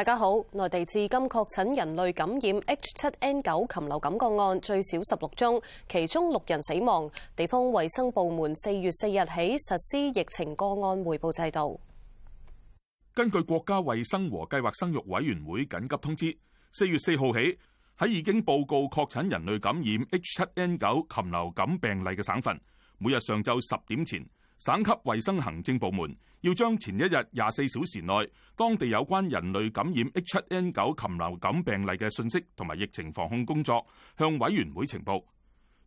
大家好，內地至今確診人類感染 H 七 N 九禽流感個案最少十六宗，其中六人死亡。地方衛生部門四月四日起實施疫情個案匯報制度。根據國家衛生和計劃生育委員會緊急通知，四月四號起喺已經報告確診人類感染 H 七 N 九禽流感病例嘅省份，每日上晝十點前，省級衛生行政部門，要將前一日廿四小時內當地有關人類感染 H 七 N 九禽流感病例嘅信息，同埋疫情防控工作向委員會呈報。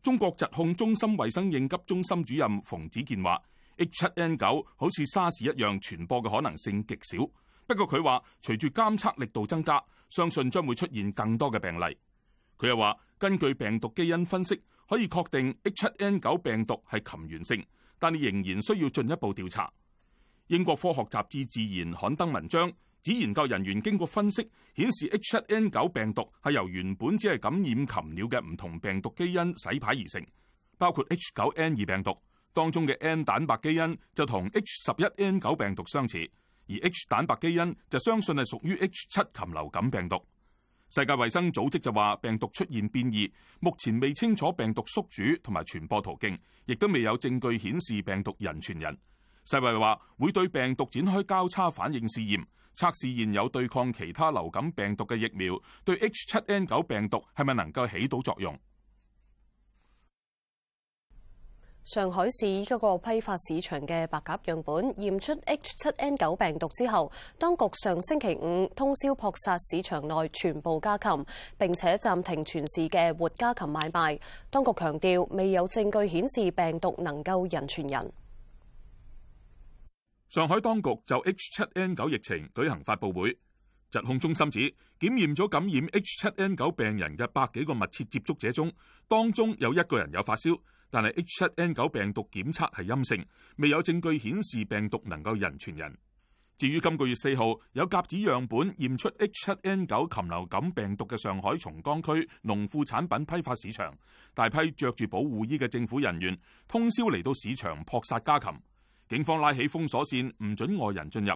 中國疾控中心衛生應急中心主任馮子健話：H 七 N 九好似沙士一樣傳播嘅可能性極少。不過佢話，隨住監測力度增加，相信將會出現更多嘅病例。佢又話，根據病毒基因分析，可以確定 H 七 N 九病毒係禽源性，但是仍然需要進一步調查。英國科學雜誌《自然》刊登文章，指研究人員經過分析顯示 H7N9 病毒係由原本只係感染禽鳥嘅唔同病毒基因洗牌而成，包括 H9N2 病毒，當中嘅 N 蛋白基因就同 H11N9 病毒相似，而 H 蛋白基因就相信係屬於 H7 禽流感病毒。世界衛生組織就話病毒出現變異，目前未清楚病毒宿主同埋傳播途徑，亦都未有證據顯示病毒人傳人。世衛話會對病毒展開交叉反應試驗，測試現有對抗其他流感病毒嘅疫苗對 H 七 N 九病毒係咪能夠起到作用。上海市嗰個批發市場嘅白鴿樣本驗出 H 七 N 九病毒之後，當局上星期五通宵撲殺市場內全部家禽，並且暫停全市嘅活家禽買賣。當局強調未有證據顯示病毒能夠人傳人。上海當局就 H 七 N 九疫情舉行發布會，疾控中心指檢驗咗感染 H 七 N 九病人嘅百幾個密切接觸者中，當中有一個人有發燒，但係 H 七 N 九病毒檢測係陰性，未有證據顯示病毒能夠人傳人。至於今個月四號有鴿子樣本驗出 H 七 N 九禽流感病毒嘅上海松江區農副產品批發市場，大批着住保護衣嘅政府人員通宵嚟到市場撲殺家禽。警方拉起封鎖線，唔准外人進入。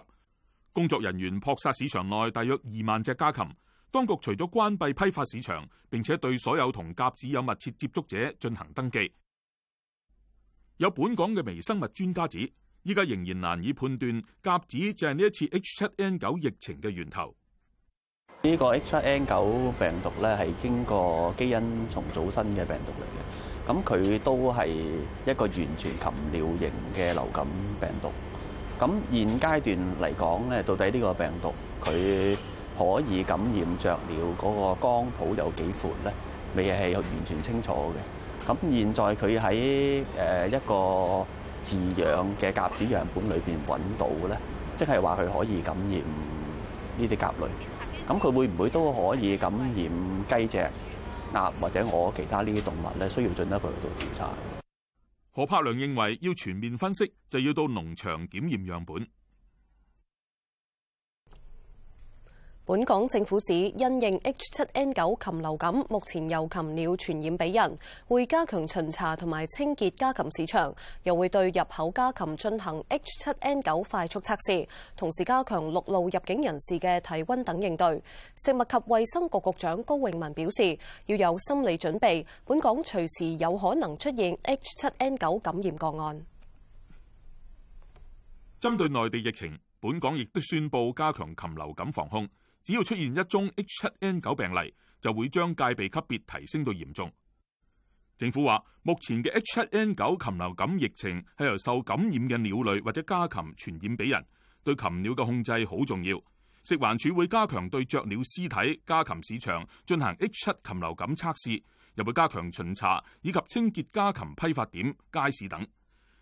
工作人員撲殺市場內大約二萬隻家禽。當局除咗關閉批發市場，並且對所有同鴿子有密切接觸者進行登記。有本港嘅微生物專家指，依家仍然難以判斷鴿子就係呢一次 H 七 N 九疫情嘅源頭。呢個 H 七 N 九病毒呢，係經過基因重組新嘅病毒嚟嘅。咁佢都係一個完全禽鳥型嘅流感病毒。咁現階段嚟講咧，到底呢個病毒佢可以感染雀鳥嗰個光譜有幾闊咧？未係有完全清楚嘅。咁現在佢喺誒一個飼養嘅鴿子樣本裏邊揾到咧，即係話佢可以感染呢啲鴿類。咁佢會唔會都可以感染雞隻？或者我其他呢啲動物咧，需要進一步去調查。何柏良認為要全面分析，就要到農場檢驗樣本。本港政府指，因應 H7N9 禽流感，目前由禽鳥傳染畀人，會加強巡查同埋清潔家禽市場，又會對入口家禽進行 H7N9 快速測試，同時加強陸路入境人士嘅體温等應對。食物及衛生局局長高永文表示，要有心理準備，本港隨時有可能出現 H7N9 感染個案。針對內地疫情，本港亦都宣布加強禽流感防控。只要出現一宗 H 七 N 九病例，就會將戒備級別提升到嚴重。政府話，目前嘅 H 七 N 九禽流感疫情係由受感染嘅鳥類或者家禽傳染俾人，對禽鳥嘅控制好重要。食環署會加強對雀鳥屍體、家禽市場進行 H 七禽流感測試，又會加強巡查以及清潔家禽批發點、街市等。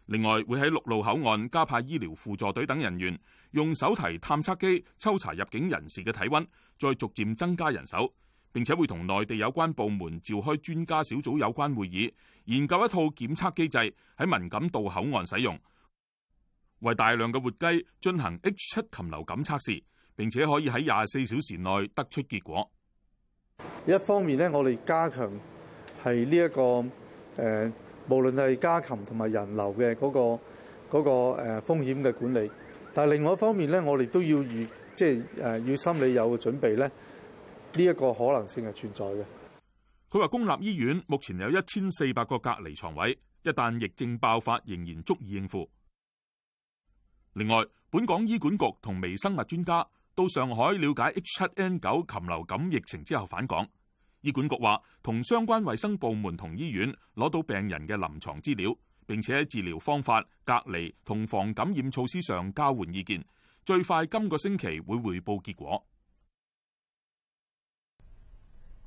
另外會喺陸路口岸加派醫療輔助隊等人員，用手提探測機抽查入境人士嘅體溫，再逐漸增加人手，並且會同內地有關部門召開專家小組有關會議，研究一套檢測機制喺敏感度口岸使用，為大量嘅活雞進行 H 七禽流感測試，並且可以喺廿四小時內得出結果。一方面呢我哋加強係呢一個誒。呃無論係家禽同埋人流嘅嗰、個嗰、個誒風險嘅管理，但係另外一方面咧，我哋都要預即係誒要心理有準備咧，呢、呢、一個可能性係存在嘅。佢話公立醫院目前有一千四百個隔離床位，一旦疫症爆發，仍然足以應付。另外，本港醫管局同微生物專家到上海了解 H7N9 禽流感疫情之後返港。醫管局話同相關衛生部門同醫院攞到病人嘅臨牀資料，並且喺治療方法、隔離同防感染措施上交換意見，最快今個星期會回報結果。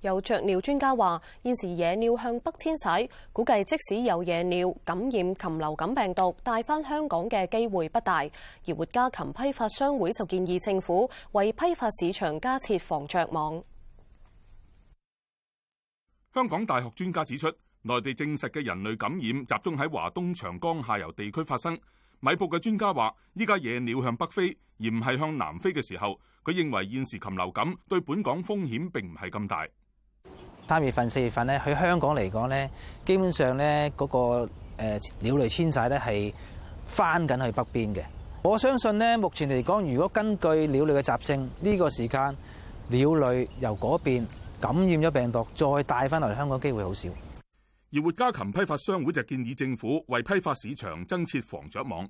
有雀鳥專家話現時野鳥向北遷徙，估計即使有野鳥感染禽流感病毒，帶翻香港嘅機會不大。而活家禽批發商會就建議政府為批發市場加設防雀網。香港大學專家指出，內地證實嘅人類感染集中喺華東長江下游地區發生。米埔嘅專家話，呢家野鳥向北飛而唔係向南飛嘅時候，佢認為現時禽流感對本港風險並唔係咁大。三月份、四月份咧，喺香港嚟講咧，基本上咧嗰個誒鳥類遷徙咧係返緊去北邊嘅。我相信咧，目前嚟講，如果根據鳥類嘅習性，呢、這個時間鳥類由嗰邊。感染咗病毒再帶翻嚟香港機會好少，而活家禽批發商會就建議政府為批發市場增設防雀網。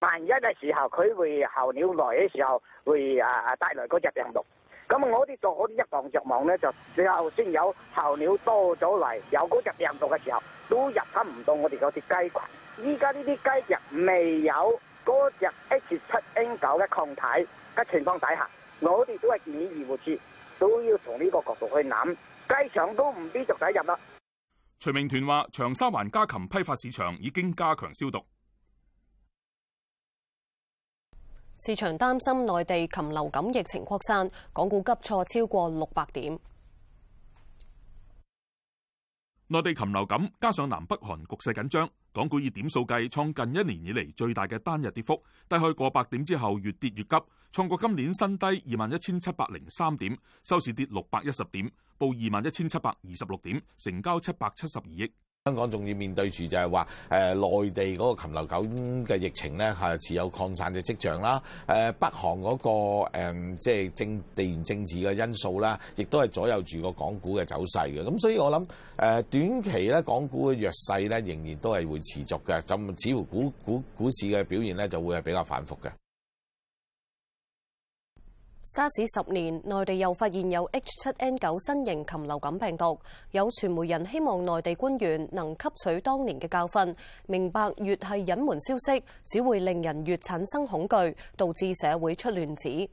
萬一嘅時候，佢會候鳥來嘅時候會啊帶來嗰隻病毒，咁我哋做嗰啲一防雀網咧，就最後先有候鳥多咗嚟，有嗰隻病毒嘅時候都入侵唔到我哋嗰啲雞群。依家呢啲雞隻未有嗰隻 H 七 N 九嘅抗體嘅情況底下，我哋都係免疫護住。都要從呢個角度去諗，雞場都唔必俾第一日啦。徐明團話：長沙灣家禽批發市場已經加強消毒。市場擔心內地禽流感疫情擴散，港股急挫超過六百點。內地禽流感加上南北韓局勢緊張。港股以點數計，創近一年以嚟最大嘅單日跌幅，低開過百點之後越跌越急，創過今年新低二萬一千七百零三點，收市跌六百一十點，報二萬一千七百二十六點，成交七百七十二億。香港仲要面對住就係話，誒內地嗰個禽流感嘅疫情咧，係持有擴散嘅跡象啦誒、呃、北韓嗰、那個誒、呃、即係政地緣政治嘅因素啦，亦都係左右住個港股嘅走勢嘅。咁所以我諗誒、呃、短期咧，港股嘅弱勢咧，仍然都係會持續嘅，就似乎股股股市嘅表現咧，就會係比較反復嘅。沙士十年，內地又發現有 H7N9 新型禽流感病毒。有傳媒人希望內地官員能吸取當年嘅教訓，明白越係隱瞞消息，只會令人越產生恐懼，導致社會出亂子。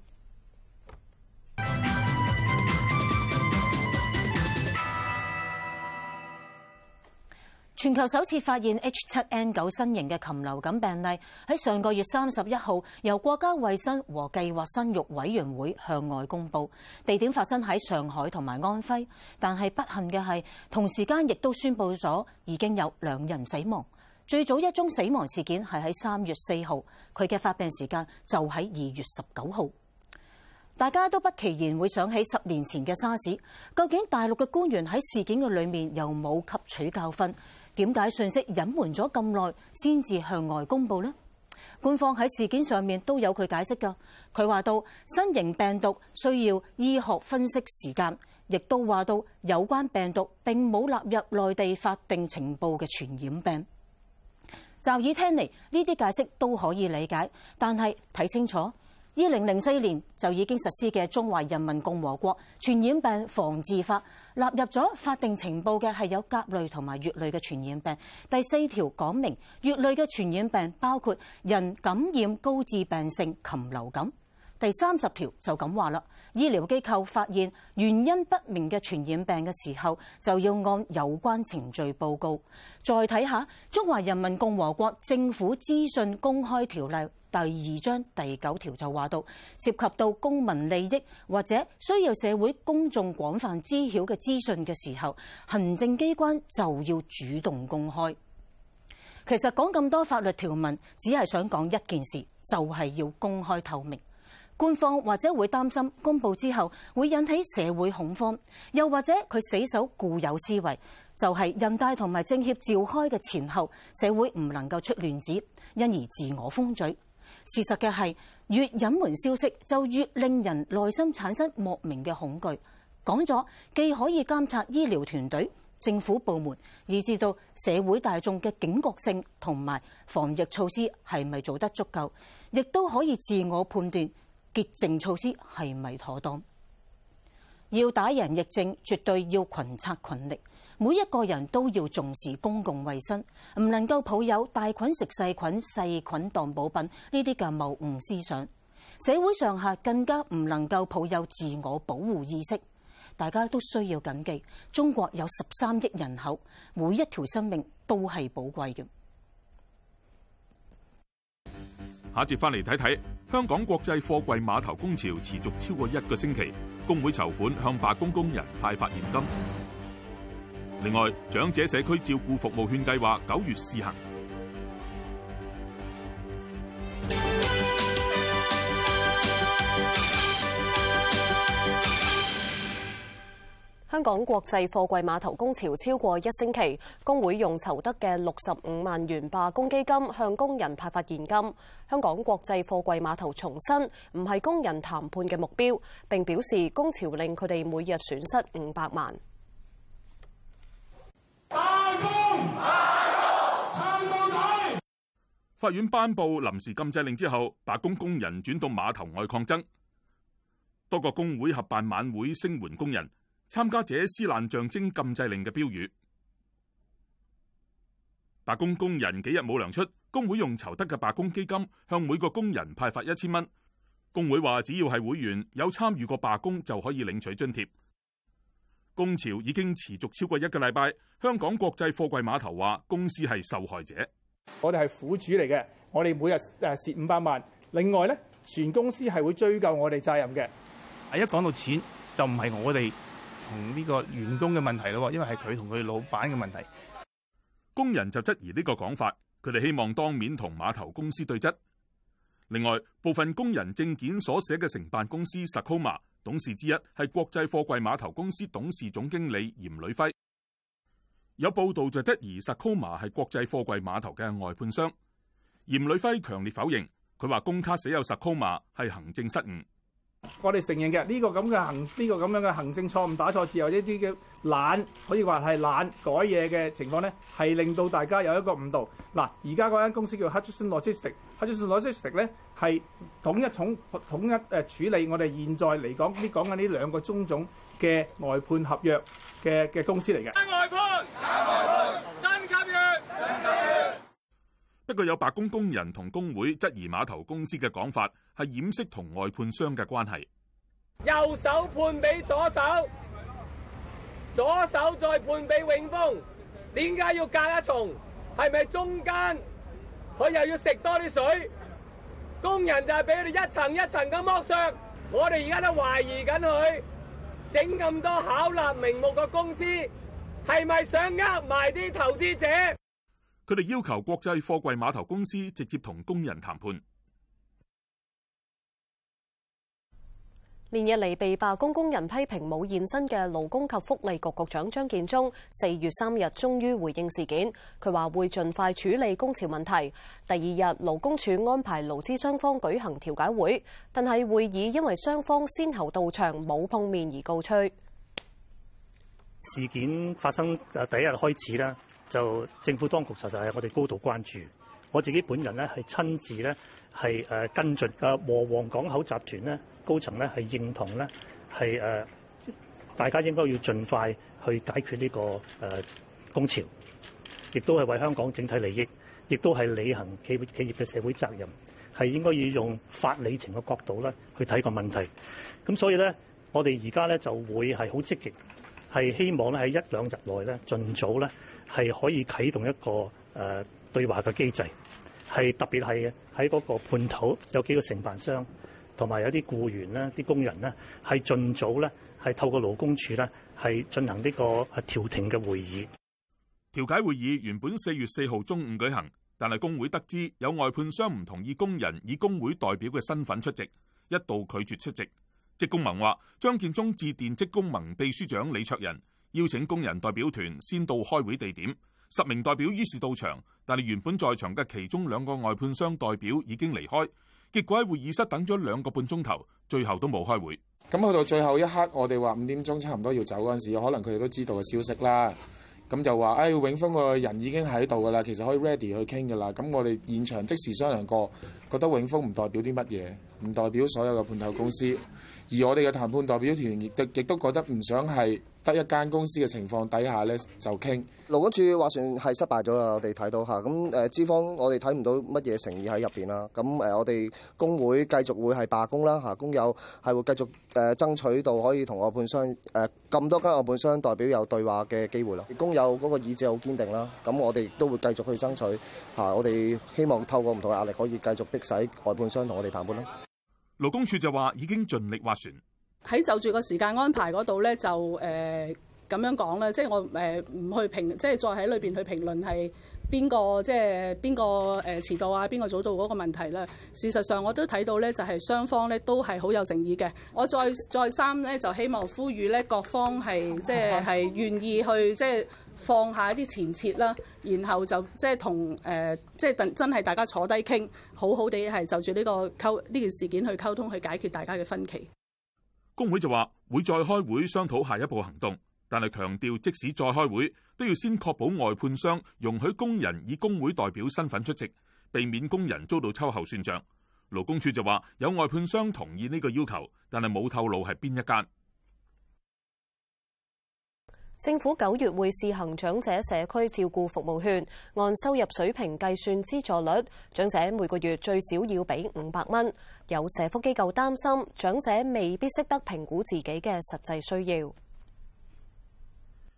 全球首次發現 H7N9 新型嘅禽流感病例，喺上個月三十一號由國家衛生和計劃生育委員會向外公佈。地點發生喺上海同埋安徽，但係不幸嘅係同時間亦都宣布咗已經有兩人死亡。最早一宗死亡事件係喺三月四號，佢嘅發病時間就喺二月十九號。大家都不期然會想起十年前嘅沙士，究竟大陸嘅官員喺事件嘅裏面又冇吸取教訓？點解信息隱瞞咗咁耐先至向外公佈呢？官方喺事件上面都有佢解釋㗎。佢話到新型病毒需要醫學分析時間，亦都話到有關病毒並冇納入內地法定情報嘅傳染病。就耳聽嚟呢啲解釋都可以理解，但係睇清楚，二零零四年就已經實施嘅《中華人民共和國傳染病防治法》。納入咗法定情報嘅係有甲類同埋乙類嘅傳染病。第四條講明，乙類嘅傳染病包括人感染高致病性禽流感。第三十條就咁話啦，醫療機構發現原因不明嘅傳染病嘅時候，就要按有關程序報告。再睇下《中華人民共和國政府資訊公開條例》。第二章第九條就話到，涉及到公民利益或者需要社會公眾廣泛知曉嘅資訊嘅時候，行政機關就要主動公開。其實講咁多法律條文，只係想講一件事，就係要公開透明。官方或者會擔心公佈之後會引起社會恐慌，又或者佢死守固有思維，就係人大同埋政協召開嘅前後，社會唔能夠出亂子，因而自我封嘴。事實嘅係，越隱瞞消息，就越令人內心產生莫名嘅恐懼。講咗，既可以監察醫療團隊、政府部門，以至到社會大眾嘅警覺性，同埋防疫措施係咪做得足夠，亦都可以自我判斷潔淨措施係咪妥當。要打贏疫症，絕對要群策群力。每一個人都要重視公共衛生，唔能夠抱有大菌食細菌、細菌當補品呢啲嘅謬誤思想。社會上下更加唔能夠抱有自我保護意識，大家都需要謹記。中國有十三億人口，每一條生命都係寶貴嘅。下節翻嚟睇睇，香港國際貨櫃碼頭工潮持續超過一個星期，工會籌款向罷工工人派發現金。另外，長者社區照顧服務券計劃九月試行。香港國際貨櫃碼頭工潮超過一星期，工會用籌得嘅六十五萬元罷工基金向工人派發現金。香港國際貨櫃碼頭重申唔係工人談判嘅目標，並表示工潮令佢哋每日損失五百萬。罷工，罷工，撐到底！法院頒布臨時禁制令之後，罷工工人轉到碼頭外抗爭，多個工會合辦晚會聲援工人，參加者撕爛象徵禁制令嘅標語。罷工工人幾日冇糧出，工會用籌得嘅罷工基金向每個工人派發一千蚊。工會話，只要係會員有參與過罷工，就可以領取津貼。工潮已經持續超過一個禮拜，香港國際貨櫃碼頭話公司係受害者，我哋係苦主嚟嘅，我哋每日誒蝕五百萬，另外呢全公司係會追究我哋責任嘅。啊，一講到錢就唔係我哋同呢個員工嘅問題咯，因為係佢同佢老闆嘅問題。工人就質疑呢個講法，佢哋希望當面同碼頭公司對質。另外，部分工人證件所寫嘅承辦公司 Sakuma 董事之一係國際貨櫃碼頭公司董事總經理嚴磊輝，有報道就質疑 Sakoma 係國際貨櫃碼頭嘅外判商，嚴磊輝強烈否認，佢話公卡寫有 Sakoma 係行政失誤。我哋承認嘅呢、這個咁嘅行呢、這個咁樣嘅行政錯誤打錯字或者呢啲嘅懶可以話係懶改嘢嘅情況咧，係令到大家有一個誤導。嗱，而家嗰間公司叫 Hutchison Logistics，Hutchison Logistics 呢係統一統統一誒、呃、處理我哋現在嚟講呢講緊呢兩個中種嘅外判合約嘅公司嚟嘅。判不過有罷工工人同工會質疑碼頭公司嘅講法係掩飾同外判商嘅關係。右手判俾左手，左手再判俾永豐，點解要隔一重？係咪中間佢又要食多啲水？工人就係俾佢哋一層一層咁剝削，我哋而家都懷疑緊佢整咁多巧立名目嘅公司，係咪想呃埋啲投資者？佢哋要求國際貨櫃碼頭公司直接同工人談判。連日嚟被罷工工人批評冇現身嘅勞工及福利局局長張建宗，四月三日終於回應事件，佢話會盡快處理工潮問題。第二日勞工處安排勞資雙方舉行調解會，但係會議因為雙方先後到場冇碰面而告吹。事件發生第一日開始啦。就政府當局實在係我哋高度關注，我自己本人咧係親自咧係誒跟進，誒和黃港口集團咧高層咧係認同咧係誒大家應該要盡快去解決呢個誒工潮，亦都係為香港整體利益，亦都係履行企業企業嘅社會責任，係應該要用法理情嘅角度咧去睇個問題。咁所以咧，我哋而家咧就會係好積極。係希望咧喺一兩日內咧，盡早咧係可以啟動一個誒對話嘅機制。係特別係喺嗰個判頭有幾個承辦商，同埋有啲僱員啦、啲工人啦，係盡早咧係透過勞工處咧係進行呢個調停嘅會議。調解會議原本四月四號中午舉行，但係工會得知有外判商唔同意工人以工會代表嘅身份出席，一度拒絕出席。職工盟話，張建宗致電職工盟秘書長李卓人，邀請工人代表團先到開會地點。十名代表於是到場，但係原本在場嘅其中兩個外判商代表已經離開。結果喺會議室等咗兩個半鐘頭，最後都冇開會。咁去到最後一刻，我哋話五點鐘差唔多要走嗰陣時，可能佢哋都知道嘅消息啦。咁就話誒、哎、永豐嘅人已經喺度噶啦，其實可以 ready 去傾噶啦。咁我哋現場即時商量過，覺得永豐唔代表啲乜嘢，唔代表所有嘅判頭公司。而我哋嘅談判代表團亦亦都覺得唔想係得一間公司嘅情況底下咧就傾勞工處話説係失敗咗啊，啊，啊，啊！我哋睇到嚇咁誒資方我哋睇唔到乜嘢誠意喺入邊啦。咁誒我哋工會繼續會係罷工啦嚇、啊、工友係會繼續誒、啊、爭取到可以同外判商誒咁、啊、多間外判商代表有對話嘅機會啦、啊。工友嗰個意志好堅定啦，咁、啊、我哋都會繼續去爭取嚇、啊。我哋希望透過唔同嘅壓力可以繼續逼使外判商同我哋談判啦。啊勞工處就話已經盡力划船，喺就住個時間安排嗰度咧，就誒咁樣講咧，即係我誒唔去評，即係再喺裏邊去評論係邊個即係邊個誒遲到啊，邊個早到嗰個問題啦。事實上我都睇到咧，就係雙方咧都係好有誠意嘅。我再再三咧就希望呼籲咧各方係即係係願意去即係。就是放下一啲前設啦，然後就即係同誒，即、呃、係真係大家坐低傾，好好地係就住呢、這個溝呢件事件去溝通，去解決大家嘅分歧。工會就話會再開會商討下一步行動，但係強調即使再開會，都要先確保外判商容許工人以工會代表身份出席，避免工人遭到秋後算賬。勞工處就話有外判商同意呢個要求，但係冇透露係邊一間。政府九月會試行長者社區照顧服務券，按收入水平計算資助率，長者每個月最少要俾五百蚊。有社福機構擔心，長者未必識得評估自己嘅實際需要。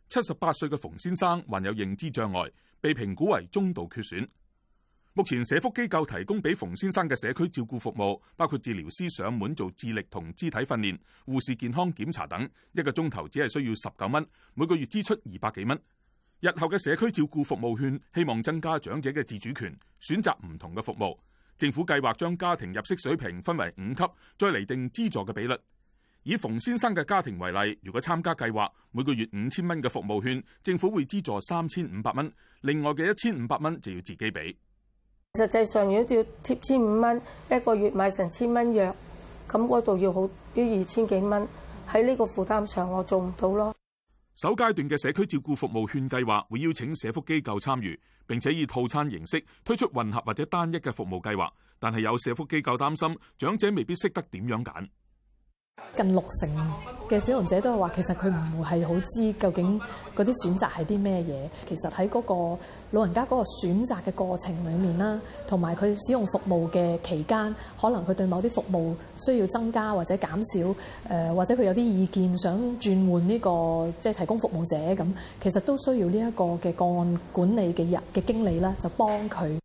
七十八歲嘅馮先生患有認知障礙，被評估為中度缺損。目前社福機構提供俾馮先生嘅社區照顧服務，包括治療師上門做智力同肢體訓練、護士健康檢查等，一個鐘頭只係需要十九蚊，每個月支出二百幾蚊。日後嘅社區照顧服務券希望增加長者嘅自主權，選擇唔同嘅服務。政府計劃將家庭入息水平分為五級，再嚟定資助嘅比率。以馮先生嘅家庭為例，如果參加計劃，每個月五千蚊嘅服務券，政府會資助三千五百蚊，另外嘅一千五百蚊就要自己俾。實際上如果要貼千五蚊一個月買成千蚊藥，咁嗰度要好啲二千幾蚊喺呢個負擔上我做唔到咯。首階段嘅社區照顧服務券計劃會邀請社福機構參與，並且以套餐形式推出混合或者單一嘅服務計劃，但係有社福機構擔心長者未必識得點樣揀。近六成嘅使用者都係話，其實佢唔係好知道究竟嗰啲選擇係啲咩嘢。其實喺嗰個老人家嗰個選擇嘅過程裏面啦，同埋佢使用服務嘅期間，可能佢對某啲服務需要增加或者減少，誒，或者佢有啲意見想轉換呢個即係提供服務者咁，其實都需要呢一個嘅個案管理嘅人嘅經理啦，就幫佢。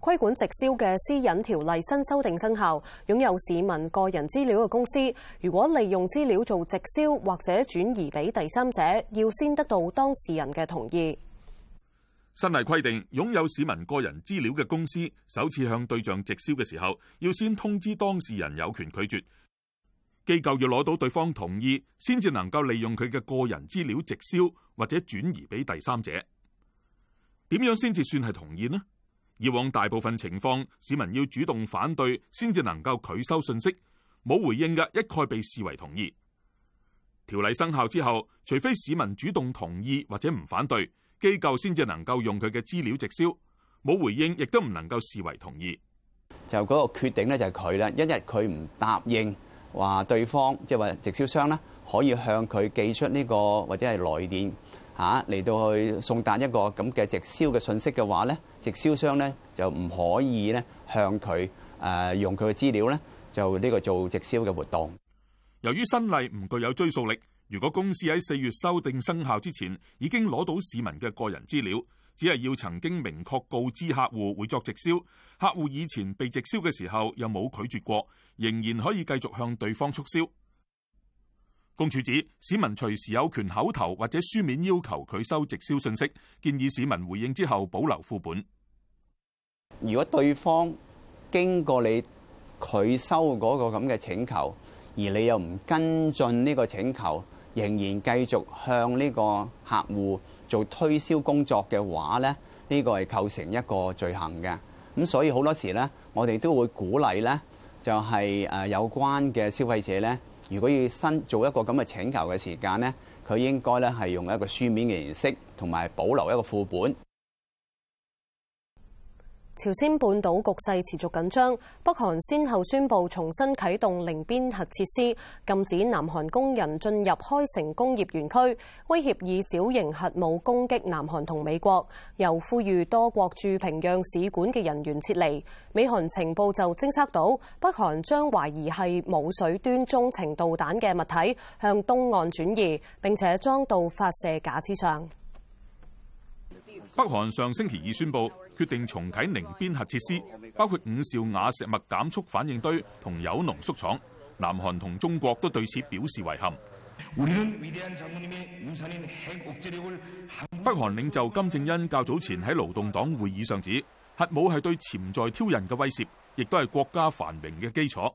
規管直銷嘅私隱條例新修訂生效，擁有市民個人資料嘅公司，如果利用資料做直銷或者轉移俾第三者，要先得到當事人嘅同意。新例規定，擁有市民個人資料嘅公司，首次向對象直銷嘅時候，要先通知當事人有權拒絕。機構要攞到對方同意，先至能夠利用佢嘅個人資料直銷或者轉移俾第三者。點樣先至算係同意呢？以往大部分情況，市民要主動反對先至能夠拒收信息，冇回應嘅一概被視為同意。條例生效之後，除非市民主動同意或者唔反對，機構先至能夠用佢嘅資料直銷，冇回應亦都唔能夠視為同意。就嗰個決定咧，就係佢啦。一日佢唔答應，話對方即係話直銷商咧，可以向佢寄出呢個或者係來電。嚇嚟到去送達一個咁嘅直銷嘅信息嘅話，呢直銷商呢就唔可以咧向佢誒、呃、用佢嘅資料呢就呢個做直銷嘅活動。由於新例唔具有追訴力，如果公司喺四月修訂生效之前已經攞到市民嘅個人資料，只係要曾經明確告知客戶會作直銷，客戶以前被直銷嘅時候又冇拒絕過，仍然可以繼續向對方促銷。公署指市民隨時有權口頭或者書面要求拒收直銷信息，建議市民回應之後保留副本。如果對方經過你拒收嗰個咁嘅請求，而你又唔跟進呢個請求，仍然繼續向呢個客戶做推銷工作嘅話咧，呢、呢個係構成一個罪行嘅。咁所以好多時咧，我哋都會鼓勵咧，就係誒有關嘅消費者咧。如果要新做一個咁嘅請求嘅時間咧，佢應該咧係用一個書面嘅形式，同埋保留一個副本。朝鮮半島局勢持續緊張，北韓先後宣布重新啟動寧邊核設施，禁止南韓工人進入開城工業園區，威脅以小型核武攻擊南韓同美國，又呼籲多國駐平壤使館嘅人員撤離。美韓情報就偵測到北韓將懷疑係舞水端中程導彈嘅物體向東岸轉移，並且裝到發射架之上。北韓上星期二宣布。決定重啟寧邊核設施，包括五兆瓦石墨減速反應堆同有濃縮廠。南韓同中國都對此表示遺憾。北韓領袖金正恩較早前喺勞動黨會議上指，核武係對潛在挑釁嘅威懾，亦都係國家繁榮嘅基礎。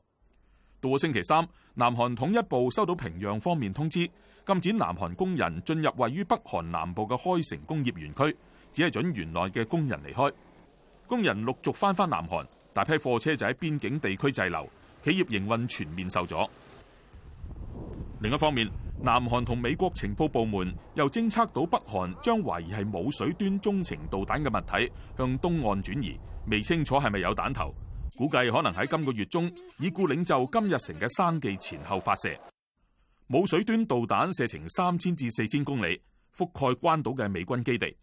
到星期三，南韓統一部收到平壤方面通知，禁止南韓工人進入位於北韓南部嘅開城工業園區。只係準原來嘅工人離開，工人陸續翻返南韓，大批貨車就喺邊境地區滯留，企業營運全面受阻。另一方面，南韓同美國情報部門又偵測到北韓將懷疑係冇水端中程導彈嘅物體向東岸轉移，未清楚係咪有彈頭，估計可能喺今個月中已故領袖金日成嘅生忌前後發射。冇水端導彈射程三千至四千公里，覆蓋關島嘅美軍基地。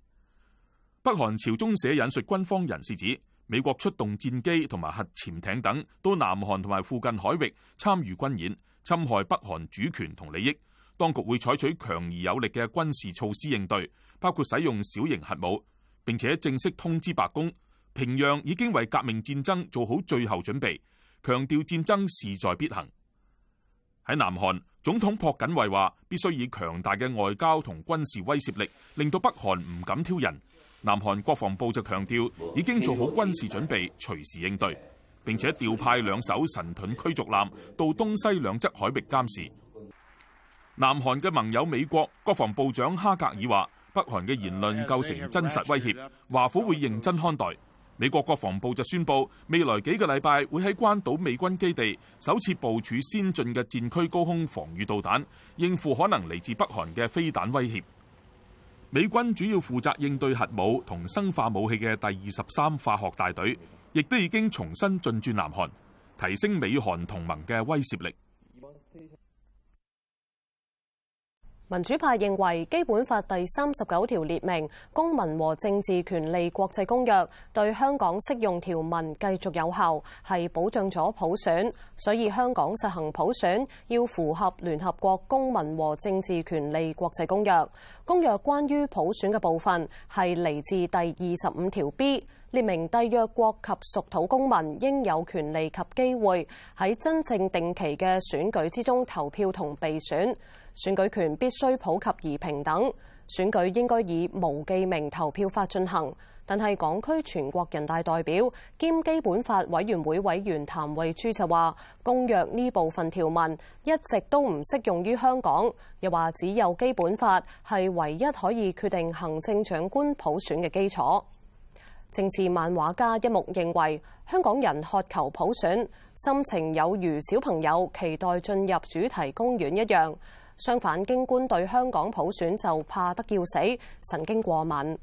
北韓朝中社引述軍方人士指，美國出動戰機同埋核潛艇等到南韓同埋附近海域參與軍演，侵害北韓主權同利益。當局會採取強而有力嘅軍事措施應對，包括使用小型核武，並且正式通知白宮。平壤已經為革命戰爭做好最後準備，強調戰爭勢在必行。喺南韓，總統朴槿惠話必須以強大嘅外交同軍事威懾力，令到北韓唔敢挑釁。南韓國防部就強調已經做好軍事準備，隨時應對，並且調派兩艘神盾驅逐艦到東西兩側海域監視。南韓嘅盟友美國國防部長哈格爾話：北韓嘅言論構成真實威脅，華府會認真看待。美國國防部就宣布，未來幾個禮拜會喺關島美軍基地首次部署先進嘅戰區高空防禦導彈，應付可能嚟自北韓嘅飛彈威脅。美軍主要負責應對核武同生化武器嘅第二十三化學大隊，亦都已經重新進駐南韓，提升美韓同盟嘅威懾力。民主派認為，《基本法》第三十九條列明《公民和政治權利國際公約》對香港適用條文繼續有效，係保障咗普選。所以，香港實行普選要符合聯合國《公民和政治權利國際公約》。公約關於普選嘅部分係嚟自第二十五條 B，列明締約國及屬土公民應有權利及機會喺真正定期嘅選舉之中投票同被選。選舉權必須普及而平等，選舉應該以無記名投票法進行。但係，港區全國人大代表兼基本法委員會委員譚惠珠就話，《公約》呢部分條文一直都唔適用於香港，又話只有基本法係唯一可以決定行政長官普選嘅基礎。政治漫畫家一目認為，香港人渴求普選，心情有如小朋友期待進入主題公園一樣。相反，京官對香港普選就怕得要死，神經過敏。